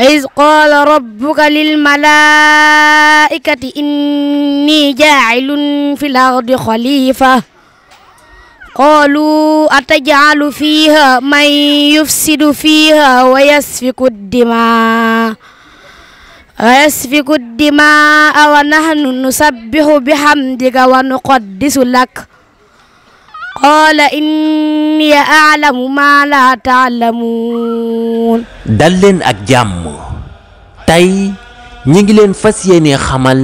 وإذ قال ربك للملائكة إني جاعل في الأرض خليفة قالوا أتجعل فيها من يفسد فيها ويسفك الدماء ويسفك الدماء ونحن نسبح بحمدك ونقدس لك qaala inni aalamu maa laa taalamuun dal leen ak jàmm tey ñi ngi leen fas yéene xamal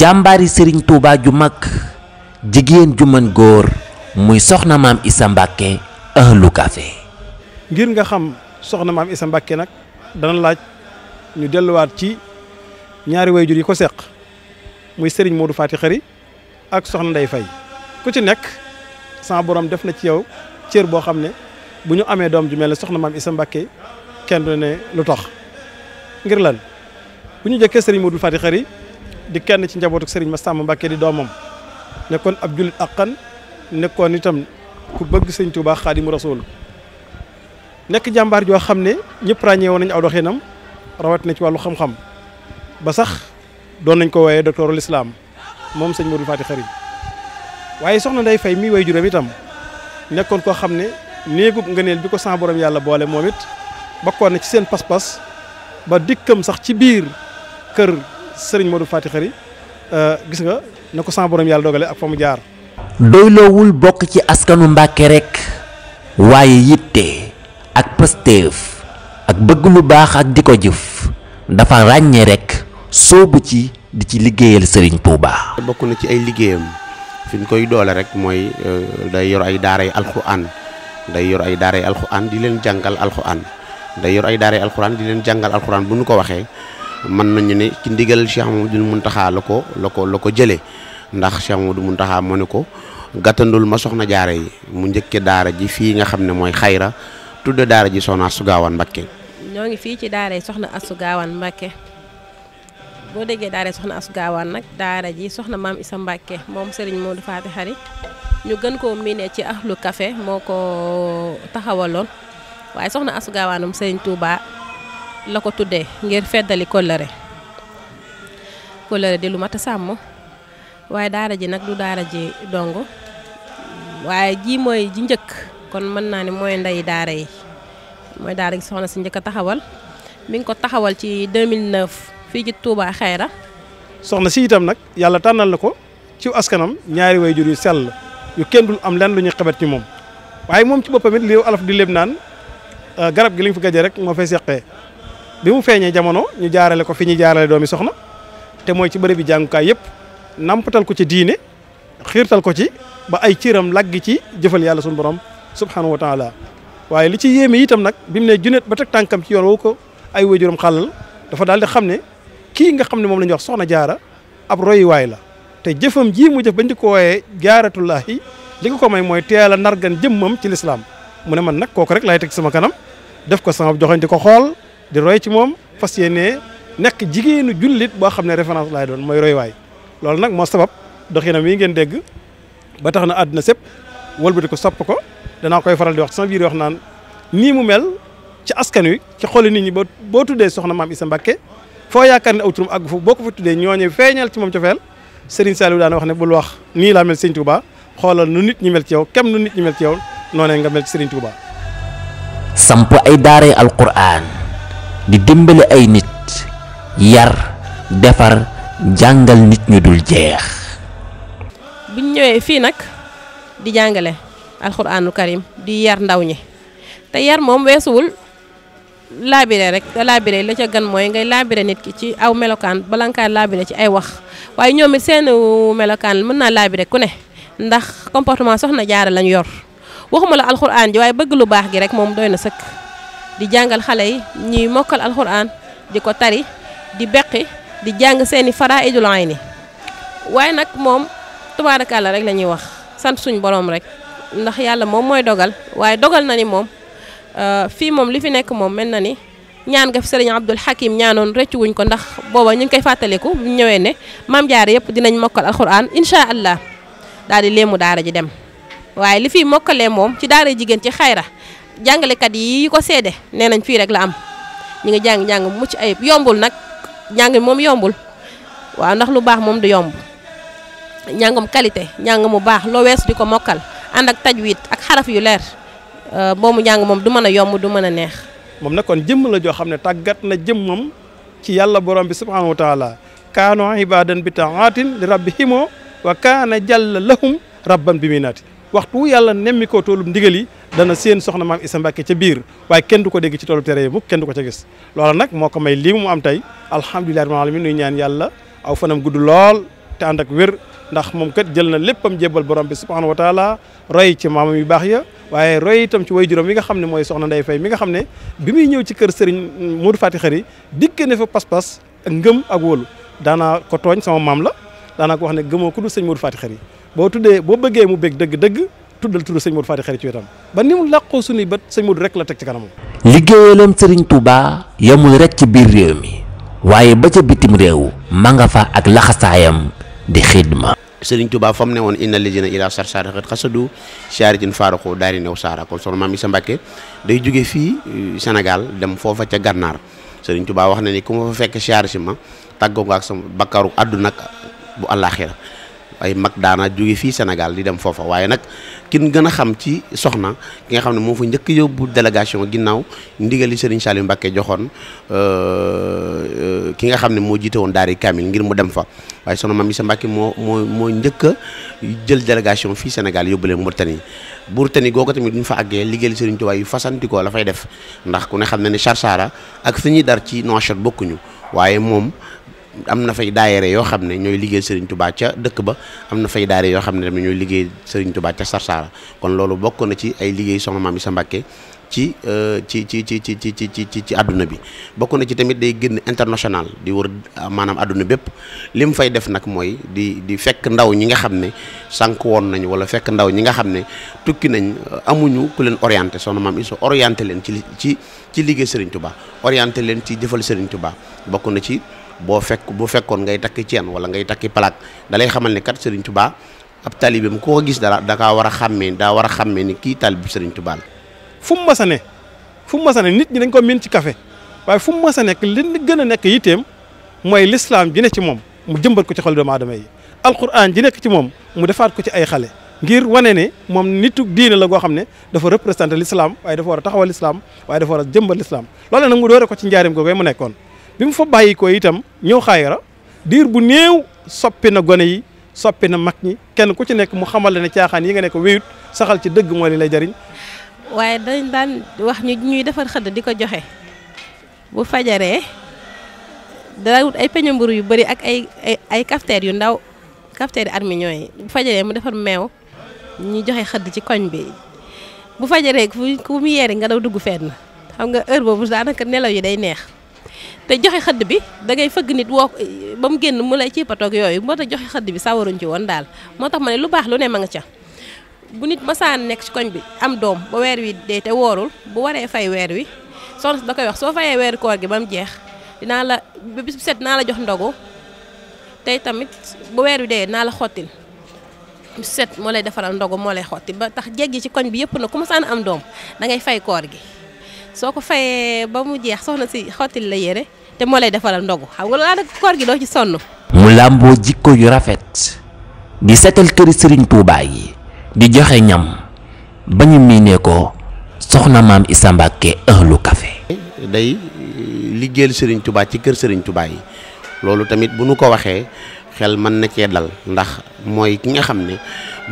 jàmbaari sëriñ Tuubaa ju mag jigéen ju mën góor muy soxna maam Isa Mbàkke Euhlou Café ngir nga xam soxna maam Isa Mbàkke nag dana laaj ñu delluwaat ci ñaari wayjur yi ko seq muy sëriñ Modou Faty Khary ak soxna Ndey Fay ku ci nekk sama borom def na ci yow cër boo xam ne bu ñu amee doom ju mel ne soxna maam Issa Mbacké kenn du ne lu tax ngir lan bu ñu jëkkee sëriñ Modou Fati Xari di kenn ci njabootu sëriñ ma Massamba Mbacké di doomam nekkoon ab jullit aqan nekkoon itam ku bëgg sëñ Touba Xaadimu Rasuul nekk jàmbaar joo xam ne ñëpp ràññee woon nañu aw doxinam rawat na ci wàllu xam-xam ba sax doon nañ ko wooyee docteur l'islam moom sëñ Modou Fati Xari waaye soxna Ndeye fay mii way juróom itam nekkoon koo xam ne nga ngëneel bi ko sa borom yàlla boole moom it bokkoon na ci seen pas-pas ba dikkam sax ci biir kër Serigne Modou Fati Xari euh, gis nga ne ko sa borom yàlla dogale ak fa mu jaar. doyloowul bokk ci askanu Mbàkke rekk waaye yitte ak pësteef ak bëgg lu baax ak di ko jëf dafa ràññee rekk soobu ci di ci liggéeyal Serigne Touba. bokk na ci ay liggéeyam. fi ñu koy doole rek mooy euh, day yor ay daaray alxuraan day yor ay daaray alxuraan di leen jàngal alxuraan day yor ay daaray alxuraan di leen jàngal alxuraan bu ñu ko waxee mën nañu ne ci ndigal Cheikh Mamadou Mountakha la ko la ko la ko jëlee ndax du mun Mountakha moo ne ko gàttandul ma soxna jaare yi mu njëkke daara ji fii nga xam ne mooy xayra tudde daara ji soxna Astu Gaawaan Mbakke ñoo ngi fii ci daara yi soxna Astu Mbakke boo déggee daara soxna Astou Gawane nag daara ji soxna maam sa mbàkkee moom seriñ moo Modou Faty Khary ñu gën koo miinee ci ahlu kafe moo ko taxawaloon waaye soxna Astou Gawane moom Serigne la ko tuddee ngir feddali kóllëre kóllëre di lu mat a sàmm waaye daara ji nag du daara ji dong waaye ji mooy ji njëkk kon mën naa ni mooy ndey daara yi mooy daara gi soxna si njëkk a taxawal mu ngi ko taxawal ci 2009. fii ci Touba Xayra. soxna si itam nag yàlla tànnal na ko ci askanam ñaari wayjur yu sell yu kenn dul am lenn lu ñu xebet ci moom waaye moom ci boppamit it li alaf di leb naan ah, garab gi li ñu fi gajee rek moo fay seqee bi mu feeñee jamono ñu jaarale ko fi ñuy jaarale doomi soxna te mooy ci bërëb bi jàngukaay yëpp nampatal ko ci diine xiirtal ko ci ba ay ciiram lagg ci jëfal yàlla suñu borom subhanahu wa taala waaye lu ci yéeme itam nag bi mu ne junet ba tànkam ci yoon ko ay waajuram xàllal dafa daal di xam ne kii nga xam ne moom la ñuy wax soxna jaara ab royuwaay la te jëfam jii mu jëf bañ di ko wooyee jaaratullaahi li ko ko may mooy teel a nargan jëmmam ci lislaam mu ne man nag kooku rek laay teg sama kanam def ko sama joxoñ di ko xool di roy ci moom fas yéenee nekk jigéenu jullit boo xam ne référence laay doon mooy royuwaay loolu nag moo sabab doxinam wi ngeen dégg ba tax na àdduna sëpp wëlbati ko sopp ko danaa koy faral di wax sama biir wax naan nii mu mel ci askan wi ci xooli nit ñi boo boo tuddee soxna maam Issa Mbacké foo yaakaar ne aw turam àggu foofu boo ko fa tuddee ñooñu feeñal ci moom cofeel Serigne Saliou daana wax ne bul wax nii laa mel Serigne Touba xoolal nu nit ñi mel ci yow kem nu nit ñi mel ci yow noonee nga mel ci Serigne Touba. samp ay daaray alquran di dimbale ay nit yar defar jàngal nit ñu dul jeex. buñ ñëwee fii nag di jàngale alquranul karim di yar ndaw ñi te yar moom weesuwul. laabire rek nga laabire la ca gan mooy ngay laabire nit ki ci aw melokaan bala nga kaa laabire ci ay wax waaye ñoom it seen melokaan mën naa laabire ku ne ndax comportement soxna jaara lañu yor waxuma la alxuraan ji waaye bëgg lu baax gi rek moom doy na sëkk di jàngal xale yi ñuy mokkal alxuraan di ko tari di beqi di jàng seeni faraa idul ni waaye nag moom tubaarakàlla rek la ñuy wax sant suñ borom rek ndax yàlla moom mooy dogal waaye dogal na Euh, fii moom li fi nekk moom mel na ni ñaan nga fi sëriñ Abdul Hakim ñaanoon rëccu wuñ ko ndax booba ñu ngi koy fàttaliku ñëwee ne maam jaare yëpp dinañ mokkal alxuraan incha allah daal di léemu daara ji dem. waaye li fi mokkalee moom ci daara jigéen ci xayra jàngalekat yi ko seede nee nañ fii rek la am ñu ngi jàng jàng mucc ayib yombul nag jàng moom yombul waaw ndax lu baax moom du yomb njàngam qualité njàng mu baax loo wees di ko mokkal ànd ak tajwid ak xaraf yu leer. Euh, boobu njàng moom du mën a yomb du mën a neex. moom nag kon jëmm la joo xam ne tàggat na jëmmam ci yàlla boroom bi subhaanahu wa taala kaano ibadan bi taatin li rabbihimoo wa kaana jàlla lahum rabban bi muy naati waxtu yàlla nemmi koo toolub yi dana seen soxna maam Isa Mbàkke ca biir waaye kenn du ko dégg ci toolub tere yi mukk kenn du ko ca gis loola nag moo ko may lii mu am tey alhamdulillahi rabbil alamin nuy ñaan yàlla aw fanam gudd lool te ànd ndax moom kat jël na léppam jébbal borom bi subhanahu wa taala roy ci maamam yu baax ya waaye roy itam ci way juróom yi nga xam ne mooy soxna Ndeye Faye mi nga xam ne bi muy ñëw ci kër sëriñ Modou Fati Xari dikke ne fa pas-pas ngëm ak wóolu daanaa ko tooñ sama maam la daanaa ko wax ne gëmoo ko dul sëñ Modou Fati Xari boo tuddee boo bëggee mu bég dëgg-dëgg tuddal tudd sëñ Modou Fati Xari ci wetam ba ni mu làqoo suñuy ba sëñ Modou rek la teg ci kanam liggéeyalam sëriñ Touba yamul rek ci biir réew mi waaye ba ca bitim réew ma fa ak laxasaayam di xidma sëriñ Tuubaa fa mu ne woon inna lijina ila sar sar xat xasadu shaaritin faaraqu daari new saara kon soxna maam Issa Mbàkke day jóge fii euh, Sénégal dem foofa ca gànnaar sëriñ Tuubaa wax na ni ku ma fa fekk shaari si ma tàggoo nga ak sama bakkaru àdduna ak bu àllaaxira ay mag daana jóge fii Sénégal di dem foofa waaye nag kin gën a xam ci soxna ki nga xam ne moo fa njëkk yóbbu délégation ginnaaw ndigali Serigne Saliou Mbacké joxoon euh, euh, ki nga xam ne moo jiite woon daari Kamil ngir mu dem fa waaye soxna Mame Issa Mbacké moo moo moo njëkk jël délégation fii Sénégal yóbbu leen Mauritanie Mauritanie googu tamit duñ fa àggee liggéeyal Serigne Touba yu fasantikoo la fay def ndax ku ne xam ne ne Sarsara ak fi ñuy dar ci Nouakchott bokkuñu waaye moom am na fay daayere yoo xam ne ñooy liggéey Serigne Touba ca dëkk ba am na fay daayere yoo xam ne tamit ñooy liggéey Serigne Touba ca Sarsara kon loolu bokk na ci ay liggéey soxna Maam Issa Mbacké ci euh, ci ci ci ci ci ci ci ci àdduna bi bokk na ci tamit day génn international di wër euh, maanaam àdduna bépp li mu fay def nag mooy di di fekk ndaw ñi nga xam ne sànq woon nañu wala fekk ndaw ñi nga xam ne tukki nañ euh, amuñu ku leen orienté soxna maam Issa orienté leen ci ci ci liggéey Serigne Touba orienté leen ci jëfal Serigne Touba bokk na ci. boo fekk bu fekkoon ngay takki ceen wala ngay takki plaque da lay xamal ne kat Serigne Touba ab taalibeem koo ko gis dara da kaa war a xàmmee daa war a xàmmee ni kii taalibe Serigne Touba la. fu mu mës a ne fu mu mës nit ñi dañ koo miin ci kafe waaye fu mu mës a nekk li gën a nekk yitteem mooy lislaam ji ne ci moom mu jëmbat ko ci xol doomu aadama yi alquran ji nekk ci moom mu defaat ko ci ay xale. ngir wane ne moom nit diine la goo xam ne dafa représenté l'islam waaye dafa war a taxawal l'islam waaye dafa war a jëmbal l'islam loolu nag mu doore ko ci njaarim googu mu nekkoon bi mu fa bàyyi ko itam ñëw xaayara diir bu néew soppi na gone yi soppi na mag ñi kenn ku ci nekk mu xamal ne caaxaan yi nga nekk wéyut saxal ci dëgg moo li lay jariñ waaye dañ daan wax ñu ñuy defar xëdd di ko joxe bu fajaree dara wut ay peñe mburu yu bari ak ay ay cafetière yu ndaw cafetière armignon yi bu fajaree mu defar meew ñu joxe xëdd ci koñ bi bu fajaree ku mu yeeri nga daw dugg na xam nga heure boobu daanaka nelaw yi day neex te joxe xëdd bi dangay fëgg nit woo ba mu génn mu lay ci patoog yooyu moo tax joxe xëdd bi sawaruñ ci woon daal moo tax ma ne lu baax lu ne ma nga ca bu nit masaan nekk ci koñ bi am doom weer wi dee te woorul bu waree fay weer wi soxna da koy wax soo fayee weeru koor gi ba mu jeex dinaa la ba set dinaa la jox ndogu tey tamit bu wi dee naa la xottil set moo defaral ndogu moo lay ba tax jeeg ci koñ bi yëpp na ku masaan am doom da ngay fay koor gi soo ko fayee ba mu jeex soxna si xottil la yére te moo lay defaral ndogu xam nga loolu nag koor gi doo ci sonn. mu làmboo jikko yu rafet di setal këri sëriñ Touba yi di joxe ñam bañ ñu miinee ko soxna maam Issa Mbacke Euhlou kafe day liggéeyal sëriñ Touba ci kër sëriñ Touba yi loolu tamit bu nu ko waxee. xel mën na cee dal ndax mooy ki nga xam ne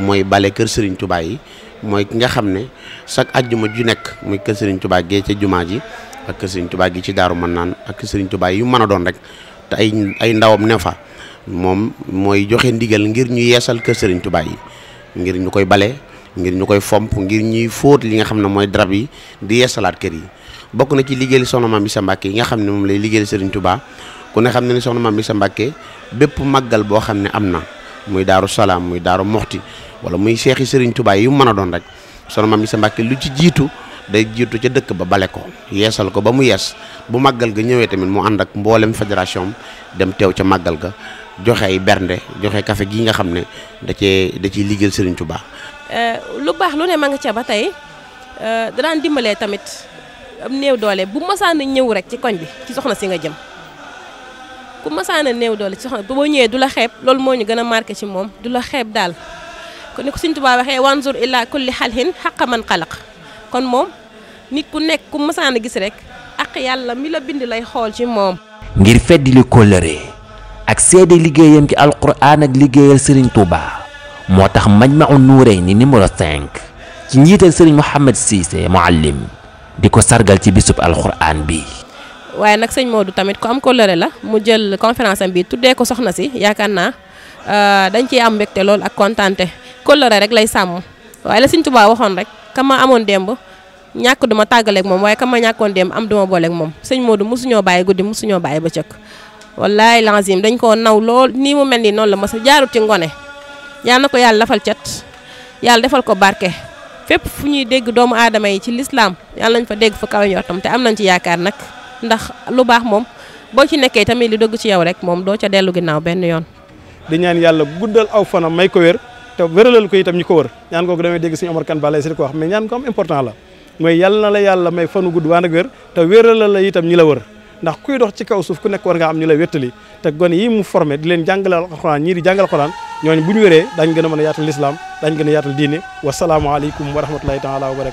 mooy bale kër sëriñ Touba yi mooy ki nga xam ne chaque ajjuma ju nekk muy kër Serigne Touba gee ca jumaa ji ak kër Serigne Touba gi ci Daaru Manaan ak kër Serigne Touba yu mën a doon rek te ay ay ndawam ne fa moom mooy joxe ndigal ngir ñu yeesal kër Serigne Touba yi ngir ñu koy bale ngir ñu koy fomp ngir ñuy fóot li nga xam ne mooy drab yi di yeesalaat kër yi bokk na ci liggéeyal soxna Mame Issa Mbacké yi nga xam ne moom lay liggéeyal Serigne Touba ku ne xam ne ni soxna Mame Issa Mbacké bépp màggal boo xam ne am na muy daaru salaam muy daaru moxti wala muy seexi Serigne Touba yu mën a doon rek soxna Mame Issa Mbacké lu ci jiitu day jiitu ca dëkk ba bale ko yeesal ko ba mu yees bu màggal ga ñëwee tamit mu ànd ak mboolem fédération dem teew ca màggal ga joxe ay bernde joxe kafe gi nga xam ne da cee da ciy liggéeyal Serigne Touba. Euh, lu baax lu ne ma nga ca ba tey euh, danaan dimbalee tamit am néew doole bu masaana ñëw rek ci koñ bi ci soxna si nga jëm ku masaana néew doole ci soxna boo ñëwee du la xeeb loolu moo ñu gën a marqué ci moom du la xeeb daal kon ni ko Serigne Touba waxee wanzur ila kulli xalhin xaqa man xalaq kon nit ku nekk ku mësaan a gis rek ak yàlla mi la bind lay xool ci moom. ngir feddi li kóllëre ak seede liggéeyam ci alquran ak liggéeyal Serigne Touba moo tax Majmahun Nurayni numéro 5 ci njiital Serigne Mouhamed Cissé muallim di ko sargal ci bisub alquran bi. waaye nag sëñ Modou tamit ku am kóllëre la mu jël conférence bi tuddee ko soxna si yaakaar naa euh, dañ ciy am mbégte lool ak kontaante kóllëre rek lay sàmm waaye la sëñ Touba waxoon rek kama amoon ñàkk duma tàggaleeg moom waaye kam ma ñàkkoon dem am duma booleeg moom sëñ Modou mosuñoo bàyyi guddi mosuñoo bàyyi ba cëkk wallaay lazim dañ koo naw lool nii mu mel nii noon la ma sa jaarut ci ngone yaa na ko yàlla lafal cet yàlla defal ko barke fépp fu ñuy dégg doomu aadama yi ci lislaam yàlla nañ fa fa kaw ñortam te am nañ ci yaakaar nag ndax lu baax moom boo ci nekkee tamit li dëgg ci yow rek moom doo ca dellu ginnaaw benn yoon di ñaan yàlla guddal aw fanam ko wér dégg suñu Omar Kane balay si di ko wax mais ñaan ko important la mooy yalla na la yàlla may fanu gudd waan ak wér te wérala la itam ñi la wër ndax kuy dox ci kaw suuf ku nekk war nga am ñu la wéttali te gone yi mu formé di leen jàngalal alxuraan ñii di jàngal alxuraan ñooñu bu ñu wéree dañ gën a mën a yaatal lislaam dañ gën a yaatal diine wasalaamualeykum wa rahmatullahi taala wa